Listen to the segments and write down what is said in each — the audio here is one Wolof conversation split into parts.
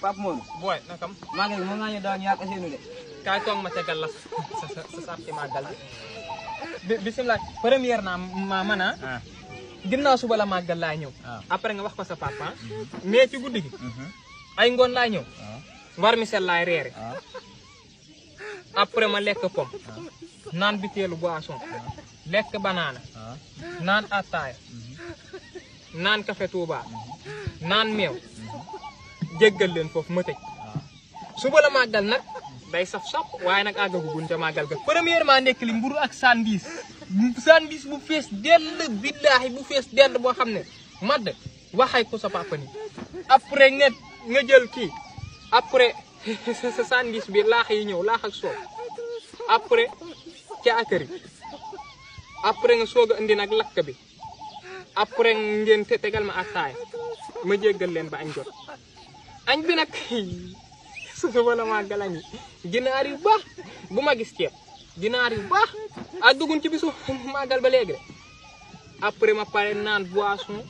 Pape Modou. booy nakam. maa ngi mën naa ñu seenu de. kaay ma tegal la sa sa sa saaf bi bisimilah première naa ma mën a. Ah. ginnaaw suba la laa ñëw. Ah. après nga wax ko sa papa. mais ci guddi mhm. ay ngoon laa ñëw. Ah. war mi sel laay reere. ma lekk pom. naan biteelu boisson. lekk banaana. naan attaaya. Mhm. naan café Touba. Mhm. Nan mew jéggal len foofu ma tëj suba la magal nak day saf saf nak aga àggagugun ca magal ga premièrement nek li mburu ak sandwich sandwich bu fess del billahi bu fess del bo xamne mad waxay ko sa papa ni après net nga jël ki après sa sandwich bi la yi ñew la xak so après akari après nga soga andi indi lakka bi après ngeen tegal ma attaaya ma jéggal ba añ jot añ bi nag suñu wala maa galañ yi ginaar bu ma gis ceeb ginaar yu baax ci bisu màggal ba léegi rek ma pare naan boisson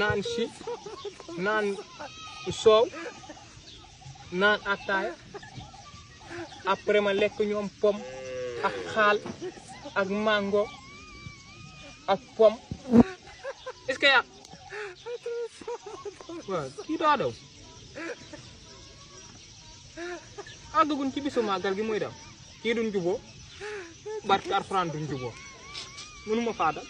naan si naan soow naan attaaya après ma lekk ñoom pom ak ak mango ak pom Tidak ada. Aku gun kibi sama agar gimu idam. Kidun jubo. Barkar frandun jubo. Munu ma fada.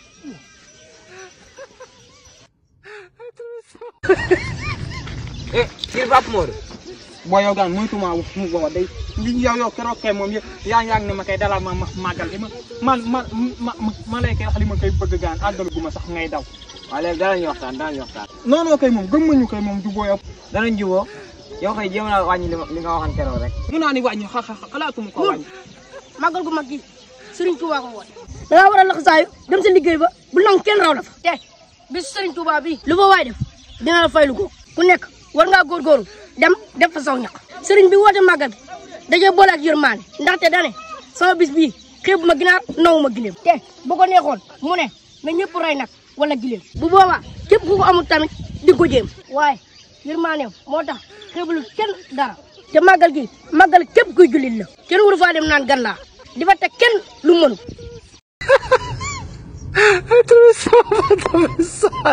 Eh, kirbap mor. boo yow gaan moytuma wax mu booba day li yow yow keroog kay moom yaa ngi ne ma kay dalal ma ma màggal li ma man ma ma ma lay kay wax li ma koy bëgg gaan àggal gu ma sax ngay daw. waaw léegi danañ waxtaan danañ waxtaan. non non kay moom gëm nañu kay moom juboo yow. danañ juboo yow kay jéem naa li nga waxan keroog rek. mun naa ni wàññi xa xa ko wàññi. màggal gu mag gi Serigne Touba ko woote. da ngaa war a lax saayu dem sa liggéey ba bu nangu raw la fa. te eh, bis Serigne Touba bi lu fa waay def dina fay lu ko ku nekk war nga gor gor dem def fa saw ñaq sëriñ bi woote màggal dajee bol ak yermane ndax ndaxte dane sama bis bi xeebu ma ginaar nawuma gilem gileem te bu ko neexoon mu ne na ñepp rey nak wala gilem bu boba képp ku ko amul tamit di ko jëm way yermane moo tax xeebulu kenn dara te magal gi magal képp ku jullit la kenn waru fa dem naan gan la di fa teg kenn lu mënu I Tout ça, tout ça.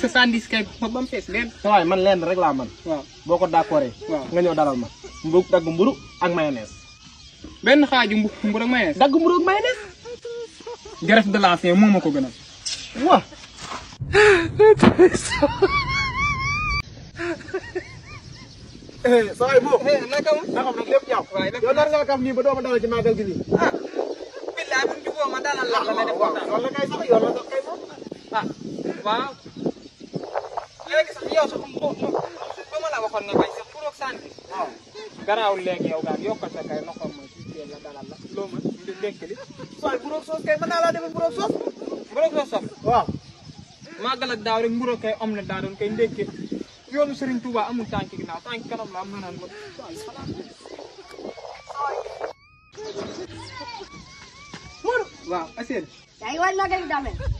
sa sandis kay ba mu fees leen. waaye man lenn rek man boo ko d'accordé. nga ñëw dalal ma. mburu dagg mburu ak mayonnaise. benn xaaju mburu ak mayonnaise. dagg mburu ak mayonnaise. greffe de l'ancien moom ma eh, eh, ma naka ma nii ba doo dalal ci màggal gi nii. Ah. la waaw. léegi sax yow sax mu mu ba ma la waxoon nga bay sax pour ak sant. waaw garaawul yow daal yokkal sa kay noxoon mooy si teel la dalal la loo mën di kay mën laa defal mburoog soos. mburoog soos sax waaw. màggal ak daaw rek mburoog kay om na daa doon kay ndénke yoonu Serigne Touba amul tànk ginnaaw tànk kanam la am naan ma. waaw Asel. yaa ngi waaj màggal bi daa